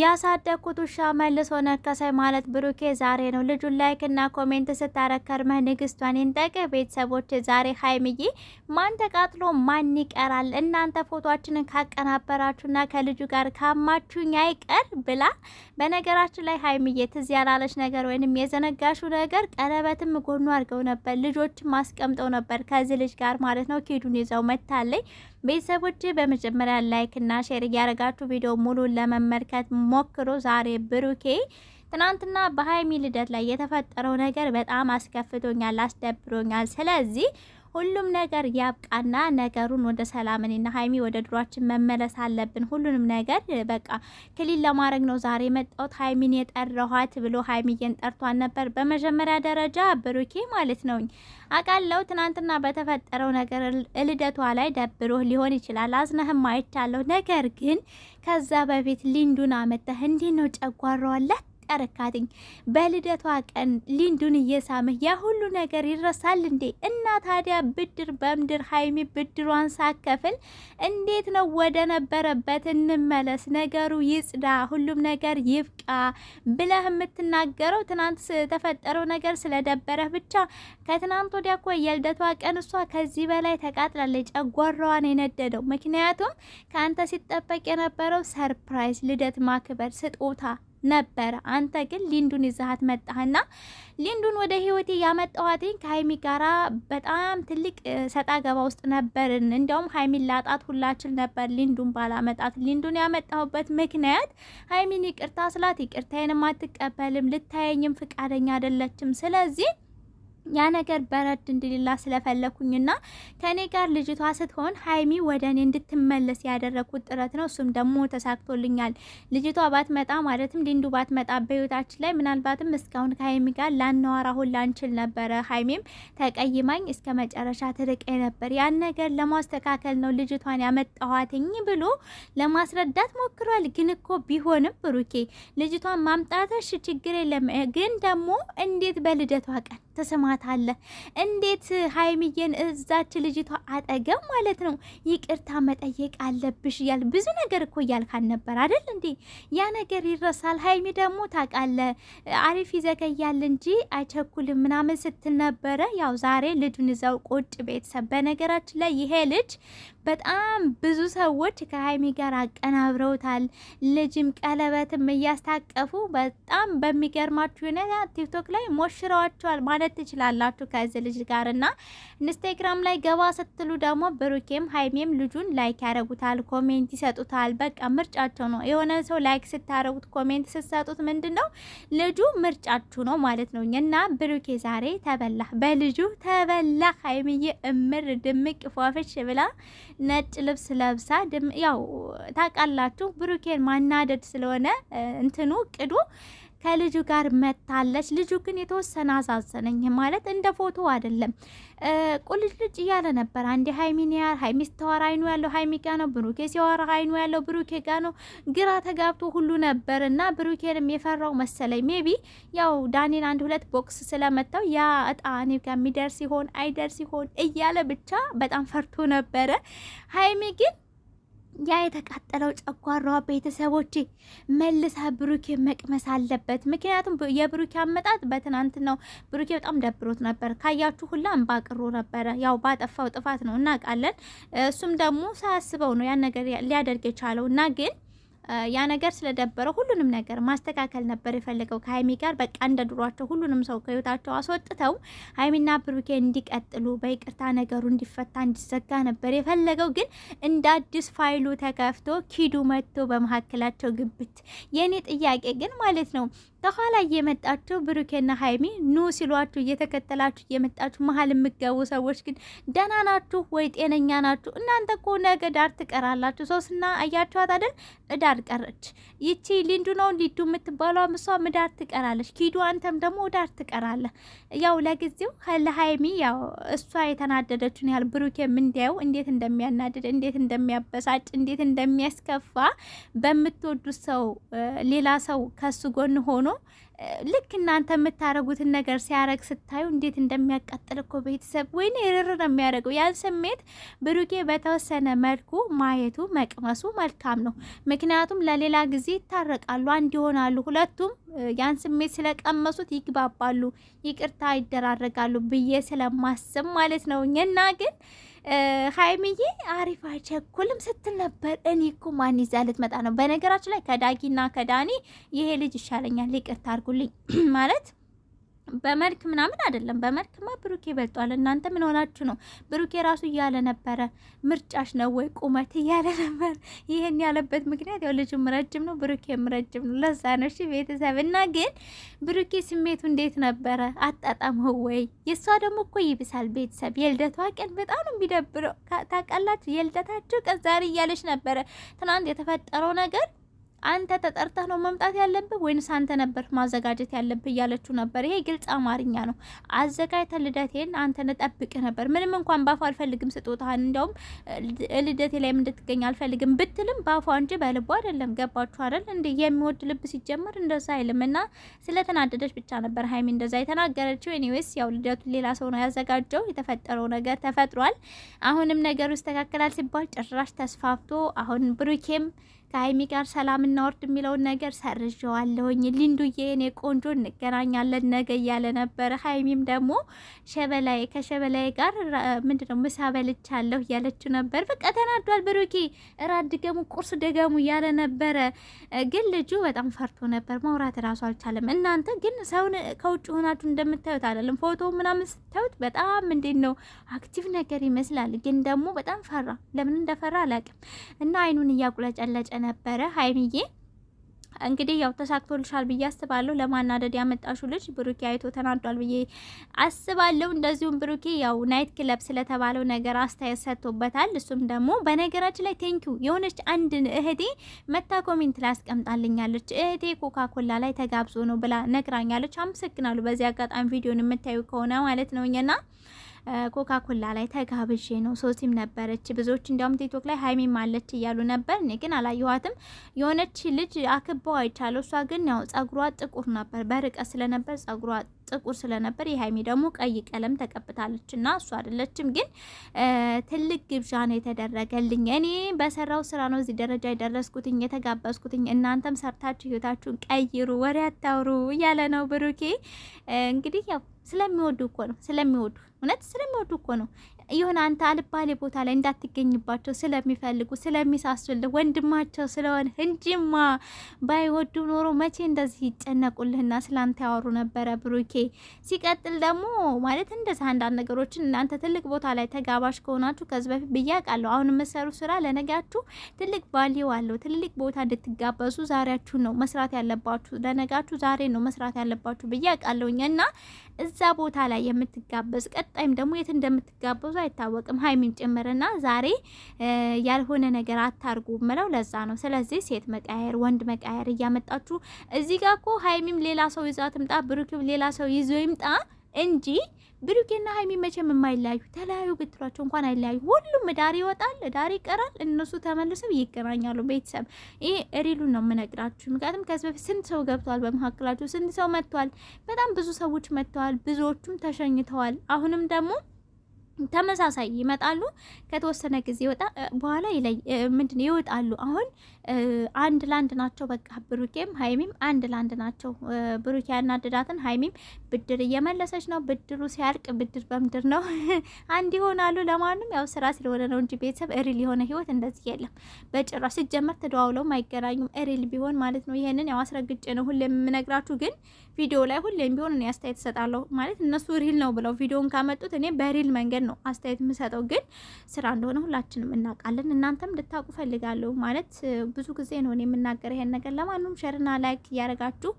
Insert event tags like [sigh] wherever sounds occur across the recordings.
ያሳደግኩት ውሻ መልሶ ነከሰኝ ማለት ብሩኬ ዛሬ ነው። ልጁን ላይክ እና ኮሜንት ስታረግ ንግስቷን ይንጠቅህ። ቤተሰቦች ዛሬ ሀይምዬ ማን ተቃጥሎ ማን ይቀራል? እናንተ ፎቶችንን ካቀናበራችሁና ከልጁ ጋር ካማችሁኝ አይቀር ብላ በነገራችን ላይ ሀይምዬ ትዝ ያላለች ነገር ወይንም የዘነጋሹ ነገር ቀለበትም ጎኑ አድርገው ነበር፣ ልጆችም አስቀምጠው ነበር ከዚህ ልጅ ጋር ማለት ነው። ኪዱን ይዘው መታለኝ ቤተሰቦች በመጀመሪያ ላይክ እና ሼር እያደረጋችሁ ቪዲዮ ሙሉ ለመመልከት ሞክሮ ዛሬ ብሩኬ ትናንትና በሀይሚ ልደት ላይ የተፈጠረው ነገር በጣም አስከፍቶኛል፣ አስደብሮኛል። ስለዚህ ሁሉም ነገር ያብቃና ነገሩን ወደ ሰላም እኔና ሀይሚ ወደ ድሯችን መመለስ አለብን። ሁሉንም ነገር በቃ ክሊል ለማድረግ ነው ዛሬ የመጣሁት ሀይሚን የጠረኋት ብሎ ሀይሚዬን ጠርቷን ነበር። በመጀመሪያ ደረጃ ብሩኬ ማለት ነው አቃለው ትናንትና በተፈጠረው ነገር ልደቷ ላይ ደብሮህ ሊሆን ይችላል፣ አዝነህም አይቻለሁ። ነገር ግን ከዛ በፊት ሊንዱን አመተህ እንዲህ ነው ጨጓረዋለት አስቀርካትኝ። በልደቷ ቀን ሊንዱን እየሳምህ ያ ሁሉ ነገር ይረሳል እንዴ? እና ታዲያ ብድር በምድር ሀይሚ ብድሯን ሳከፍል እንዴት ነው ወደ ነበረበት እንመለስ፣ ነገሩ ይጽዳ፣ ሁሉም ነገር ይብቃ ብለህ የምትናገረው ትናንት ተፈጠረው ነገር ስለደበረህ ብቻ። ከትናንት ወዲያ እኮ የልደቷ ቀን እሷ ከዚህ በላይ ተቃጥላለች፣ ጨጓራዋን የነደደው ምክንያቱም ከአንተ ሲጠበቅ የነበረው ሰርፕራይዝ ልደት ማክበር ስጦታ ነበር። አንተ ግን ሊንዱን ይዛሃት መጣህና ሊንዱን ወደ ህይወቴ ያመጣኋትኝ ከሀይሚ ጋራ በጣም ትልቅ ሰጣ ገባ ውስጥ ነበርን። እንዲያውም ሀይሚን ላጣት ሁላችል ነበር ሊንዱን ባላመጣት። ሊንዱን ያመጣሁበት ምክንያት ሀይሚን ይቅርታ ስላት ይቅርታዬንም አትቀበልም፣ ልታየኝም ፍቃደኛ አይደለችም። ስለዚህ ያ ነገር በረድ እንድልላ ስለፈለኩኝና ከኔ ጋር ልጅቷ ስትሆን ሀይሚ ወደ እኔ እንድትመለስ ያደረግኩት ጥረት ነው። እሱም ደግሞ ተሳክቶልኛል። ልጅቷ ባትመጣ ማለትም ዲንዱ ባትመጣ በህይወታችን ላይ ምናልባትም እስካሁን ከሀይሚ ጋር ላናወራ ሁላ እንችል ነበረ። ሀይሚም ተቀይማኝ እስከ መጨረሻ ትርቄ ነበር። ያን ነገር ለማስተካከል ነው ልጅቷን ያመጣኋትኝ ብሎ ለማስረዳት ሞክሯል። ግን እኮ ቢሆንም ብሩኬ ልጅቷን ማምጣትሽ ችግር የለም። ግን ደግሞ እንዴት በልደቷ ቀን ትስማታለህ እንዴት? ሀይሚዬን እዛች ልጅቷ አጠገብ ማለት ነው ይቅርታ መጠየቅ አለብሽ እያል ብዙ ነገር እኮ እያልካን ነበር አይደል እንዴ? ያ ነገር ይረሳል። ሀይሚ ደግሞ ታውቃለህ፣ አሪፍ ይዘገያል እንጂ አይቸኩልም ምናምን ስትል ነበረ። ያው ዛሬ ልጁን እዛው ቁጭ ቤተሰብ። በነገራችን ላይ ይሄ ልጅ በጣም ብዙ ሰዎች ከሀይሚ ጋር አቀናብረውታል። ልጅም ቀለበትም እያስታቀፉ በጣም በሚገርማችሁ ሁኔታ ቲክቶክ ላይ ሞሽረዋቸዋል ማለት ማለት ትችላላችሁ ከዚህ ልጅ ጋር ኢንስታግራም ላይ ገባ ስትሉ ደግሞ ብሩኬም ሀይሜም ልጁን ላይክ ያደረጉታል፣ ኮሜንት ይሰጡታል። በቃ ምርጫቸው ነው። የሆነ ሰው ላይክ ስታደረጉት፣ ኮሜንት ስትሰጡት ምንድን ነው ልጁ ምርጫችሁ ነው ማለት ነው። እና ብሩኬ ዛሬ ተበላ፣ በልጁ ተበላ። ሀይምዬ እምር ድምቅ ፏፍሽ ብላ ነጭ ልብስ ለብሳ ያው ታውቃላችሁ ብሩኬን ማናደድ ስለሆነ እንትኑ ቅዱ ከልጁ ጋር መታለች። ልጁ ግን የተወሰነ አሳዘነኝ። ማለት እንደ ፎቶ አይደለም። ቁልጅ ልጅ እያለ ነበር። አንዴ ሀይሚን ያህል ሀይሚ ስታወራ አይኑ ያለው ሀይሚ ጋ ነው፣ ብሩኬ ሲያወራ አይኑ ያለው ብሩኬ ጋ ነው። ግራ ተጋብቶ ሁሉ ነበር እና ብሩኬንም የፈራው መሰለኝ። ሜቢ ያው ዳኔን አንድ ሁለት ቦክስ ስለመታው ያ እጣ እኔ ጋ የሚደርስ ይሆን አይደርስ ይሆን እያለ ብቻ በጣም ፈርቶ ነበረ። ሀይሚ ግን ያ የተቃጠለው ጨጓራዋ ቤተሰቦች መልሳ ብሩኬ መቅመስ አለበት። ምክንያቱም የብሩኬ አመጣጥ በትናንት ነው። ብሩኬ በጣም ደብሮት ነበር፣ ካያችሁ ሁላ እንባቅሮ ነበረ። ያው ባጠፋው ጥፋት ነው እናውቃለን። እሱም ደግሞ ሳያስበው ነው ያን ነገር ሊያደርግ የቻለው እና ግን ያ ነገር ስለደበረው ሁሉንም ነገር ማስተካከል ነበር የፈለገው ከሀይሚ ጋር በቃ እንደ ድሯቸው ሁሉንም ሰው ከህይወታቸው አስወጥተው ሀይሚና ብሩኬ እንዲቀጥሉ በይቅርታ ነገሩ እንዲፈታ እንዲዘጋ ነበር የፈለገው። ግን እንደ አዲስ ፋይሉ ተከፍቶ ኪዱ መጥቶ በመካከላቸው ግብት። የእኔ ጥያቄ ግን ማለት ነው ከኋላ እየመጣችሁ ብሩኬና ሀይሚ ኑ ሲሏችሁ እየተከተላችሁ እየመጣችሁ መሀል የምትገቡ ሰዎች ግን ደህና ናችሁ ወይ? ጤነኛ ናችሁ? እናንተ እኮ ነገ ዳር ትቀራላችሁ። ሶስና አያችኋት አይደል? እዳር ቀረች። ይቺ ሊንዱ ነው ሊዱ የምትባለው ምሷ ምዳር ትቀራለች። ኪዱ አንተም ደግሞ ዳር ትቀራለህ። ያው ለጊዜው ለሀይሚ ያው እሷ የተናደደችን ያህል ብሩኬም እንዲያው እንዴት እንደሚያናድድ እንዴት እንደሚያበሳጭ እንዴት እንደሚያስከፋ በምትወዱት ሰው ሌላ ሰው ከሱ ጎን ሆኖ ነው። ልክ እናንተ የምታደርጉትን ነገር ሲያረግ ስታዩ እንዴት እንደሚያቃጥል እኮ ቤተሰብ ወይ ርር ነው የሚያደርገው። ያን ስሜት ብሩኬ በተወሰነ መልኩ ማየቱ መቅመሱ መልካም ነው። ምክንያቱም ለሌላ ጊዜ ይታረቃሉ፣ አንድ ይሆናሉ። ሁለቱም ያን ስሜት ስለቀመሱት ይግባባሉ፣ ይቅርታ ይደራረጋሉ ብዬ ስለማስብ ማለት ነው እና ግን ሀይሚዬ አሪፍ አይቸኩልም ስትል ነበር። እኔ እኮ ማን ይዛ ልትመጣ ነው? በነገራችን ላይ ከዳጊና ከዳኒ ይሄ ልጅ ይሻለኛል። ይቅርታ አድርጉልኝ [clears throat] ማለት በመልክ ምናምን አይደለም። በመልክማ ብሩኬ ይበልጧል። እናንተ ምን ሆናችሁ ነው? ብሩኬ ራሱ እያለ ነበረ ምርጫሽ ነው ወይ ቁመት እያለ ነበር። ይህን ያለበት ምክንያት ያው ልጁም ረጅም ነው፣ ብሩኬም ረጅም ነው። ለዛ ነው እሺ ቤተሰብ። እና ግን ብሩኬ ስሜቱ እንዴት ነበረ? አጣጣመው ወይ? የእሷ ደግሞ እኮ ይብሳል ቤተሰብ። የልደቷ ቀን በጣም ነው የሚደብረው ታውቃላችሁ። የልደታችሁ ቀን ዛሬ እያለች ነበረ ትናንት የተፈጠረው ነገር አንተ ተጠርተህ ነው መምጣት ያለብህ ወይንስ አንተ ነበር ማዘጋጀት ያለብህ እያለችው ነበር። ይሄ ግልጽ አማርኛ ነው። አዘጋጅተ ልደቴን አንተ ጠብቅህ ነበር። ምንም እንኳን ባፏ አልፈልግም ስጦታህን፣ እንዲያውም ልደቴ ላይም እንድትገኝ አልፈልግም ብትልም ባፏ እንጂ በልቦ አይደለም። ገባችሁ አይደል? እንደ የሚወድ ልብ ሲጀመር እንደዛ አይልም። እና ስለተናደደች ብቻ ነበር ሀይሚ እንደዛ የተናገረችው። ኤኒዌይስ ያው ልደቱ ሌላ ሰው ነው ያዘጋጀው። የተፈጠረው ነገር ተፈጥሯል። አሁንም ነገሩ ይስተካከላል ሲባል ጭራሽ ተስፋፍቶ አሁን ብሩኬም ከሀይሚ ጋር ሰላም እናወርድ የሚለውን ነገር ሰርዣዋለሁኝ። ሊንዱዬ እኔ ቆንጆ እንገናኛለን ነገ እያለ ነበረ። ሀይሚም ደግሞ ሸበላይ ከሸበላይ ጋር ምንድነው ምሳ በልቻለሁ እያለችው ነበር። በቃ ተናዷል ብሩኬ። እራት ድገሙ፣ ቁርስ ደገሙ እያለ ነበረ። ግን ልጁ በጣም ፈርቶ ነበር፣ ማውራት ራሱ አልቻለም። እናንተ ግን ሰውን ከውጭ ሆናችሁ እንደምታዩት አይደለም። ፎቶ ምናምን ስታዩት በጣም እንዴት ነው አክቲቭ ነገር ይመስላል። ግን ደግሞ በጣም ፈራ። ለምን እንደፈራ አላውቅም። እና አይኑን እያቁለጨለጨ ነበረ ሀይሚዬ። እንግዲህ ያው ተሳክቶልሻል ብዬ አስባለሁ። ለማናደድ ያመጣሹ ልጅ ብሩኬ አይቶ ተናዷል ብዬ አስባለሁ። እንደዚሁም ብሩኬ ያው ናይት ክለብ ስለተባለው ነገር አስተያየት ሰጥቶበታል። እሱም ደግሞ በነገራችን ላይ ቴንኪው የሆነች አንድ እህቴ መታ ኮሜንት ላይ አስቀምጣልኛለች። እህቴ ኮካኮላ ላይ ተጋብዞ ነው ብላ ነግራኛለች። አመሰግናለሁ። በዚህ አጋጣሚ ቪዲዮን የምታዩ ከሆነ ማለት ነውና። ኮካኮላ ላይ ተጋብዤ ነው። ሶሲም ነበረች። ብዙዎች እንዲያውም ቲክቶክ ላይ ሀይሚም አለች እያሉ ነበር። እኔ ግን አላየኋትም። የሆነች ልጅ አክባው አይቻለ። እሷ ግን ያው ጸጉሯ ጥቁር ነበር፣ በርቀት ስለነበር ጸጉሯ ጥቁር ስለነበር የሀይሚ ደግሞ ቀይ ቀለም ተቀብታለች እና እሱ አይደለችም። ግን ትልቅ ግብዣ ነው የተደረገልኝ። እኔ በሰራው ስራ ነው እዚህ ደረጃ የደረስኩትኝ የተጋበዝኩትኝ። እናንተም ሰርታችሁ ህይወታችሁን ቀይሩ፣ ወሬ አታውሩ እያለ ነው ብሩኬ። እንግዲህ ያው ስለሚወዱ እኮ ነው ስለሚወዱ እውነት ስለሚወዱ እኮ ነው። የሆነ አንተ አልባሌ ቦታ ላይ እንዳትገኝባቸው ስለሚፈልጉ ስለሚሳሱልህ ወንድማቸው ስለሆነ እንጂማ ባይወዱ ኖሮ መቼ እንደዚህ ይጨነቁልህና ስላንተ ያወሩ ነበረ። ብሩኬ ሲቀጥል ደግሞ ማለት እንደዚህ አንዳንድ ነገሮችን እናንተ ትልቅ ቦታ ላይ ተጋባሽ ከሆናችሁ ከዚህ በፊት ብያቃለሁ። አሁን የምሰሩ ስራ ለነጋችሁ ትልቅ ቫሊዩ አለው። ትልቅ ቦታ እንድትጋበዙ ዛሬያችሁ ነው መስራት ያለባችሁ፣ ለነጋችሁ ዛሬ ነው መስራት ያለባችሁ ብያቃለሁኝ እና እዛ ቦታ ላይ የምትጋበዝ ቀጥ ቀጣይም ደግሞ የት እንደምትጋበዙ አይታወቅም። ሀይሚም ጭምርና ዛሬ ያልሆነ ነገር አታርጉ ምለው ለዛ ነው። ስለዚህ ሴት መቃየር፣ ወንድ መቃየር እያመጣችሁ እዚህ ጋር እኮ ሀይሚም ሌላ ሰው ይዛ ትምጣ፣ ብሩክም ሌላ ሰው ይዞ ይምጣ እንጂ ብሩኬና ሀይሚ መቼም የማይለያዩ ተለያዩ ብትሏቸው እንኳን አይለያዩ። ሁሉም ዳር ይወጣል፣ ዳር ይቀራል። እነሱ ተመልሰው ይገናኛሉ። ቤተሰብ ይሄ ሪሉን ነው የምነግራችሁ። ምክንያቱም ከዚህ በፊት ስንት ሰው ገብተዋል በመካከላቸው፣ ስንት ሰው መጥተዋል። በጣም ብዙ ሰዎች መጥተዋል፣ ብዙዎቹም ተሸኝተዋል። አሁንም ደግሞ ተመሳሳይ ይመጣሉ። ከተወሰነ ጊዜ ወጣ በኋላ ምንድን ይወጣሉ። አሁን አንድ ላንድ ናቸው። በቃ ብሩኬም ሀይሚም አንድ ላንድ ናቸው። ብሩኬ ያናድዳትን ሀይሚም ብድር እየመለሰች ነው። ብድሩ ሲያልቅ ብድር በምድር ነው [laughs] አንድ ይሆናሉ። ለማንም ያው ስራ ስለሆነ ነው እንጂ ቤተሰብ እሪል የሆነ ህይወት እንደዚህ የለም በጭራሽ። ሲጀመር ተደዋውለውም አይገናኙም። እሪል ቢሆን ማለት ነው። ይሄንን ያው አስረግጬ ነው ሁሌም የምነግራችሁ። ግን ቪዲዮ ላይ ሁሌም ቢሆን እኔ አስተያየት እሰጣለሁ ማለት እነሱ ሪል ነው ብለው ቪዲዮን ካመጡት እኔ በሪል መንገድ ነው ነው አስተያየት የምሰጠው፣ ግን ስራ እንደሆነ ሁላችንም እናውቃለን። እናንተም እንድታውቁ ፈልጋለሁ። ማለት ብዙ ጊዜ ነው የምናገር ይሄን ነገር። ለማንም ሸርና ላይክ እያደረጋችሁ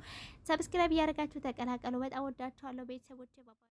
ሰብስክራይብ እያደረጋችሁ ተቀላቀሉ። በጣም ወዳችኋለሁ ቤተሰቦቼ።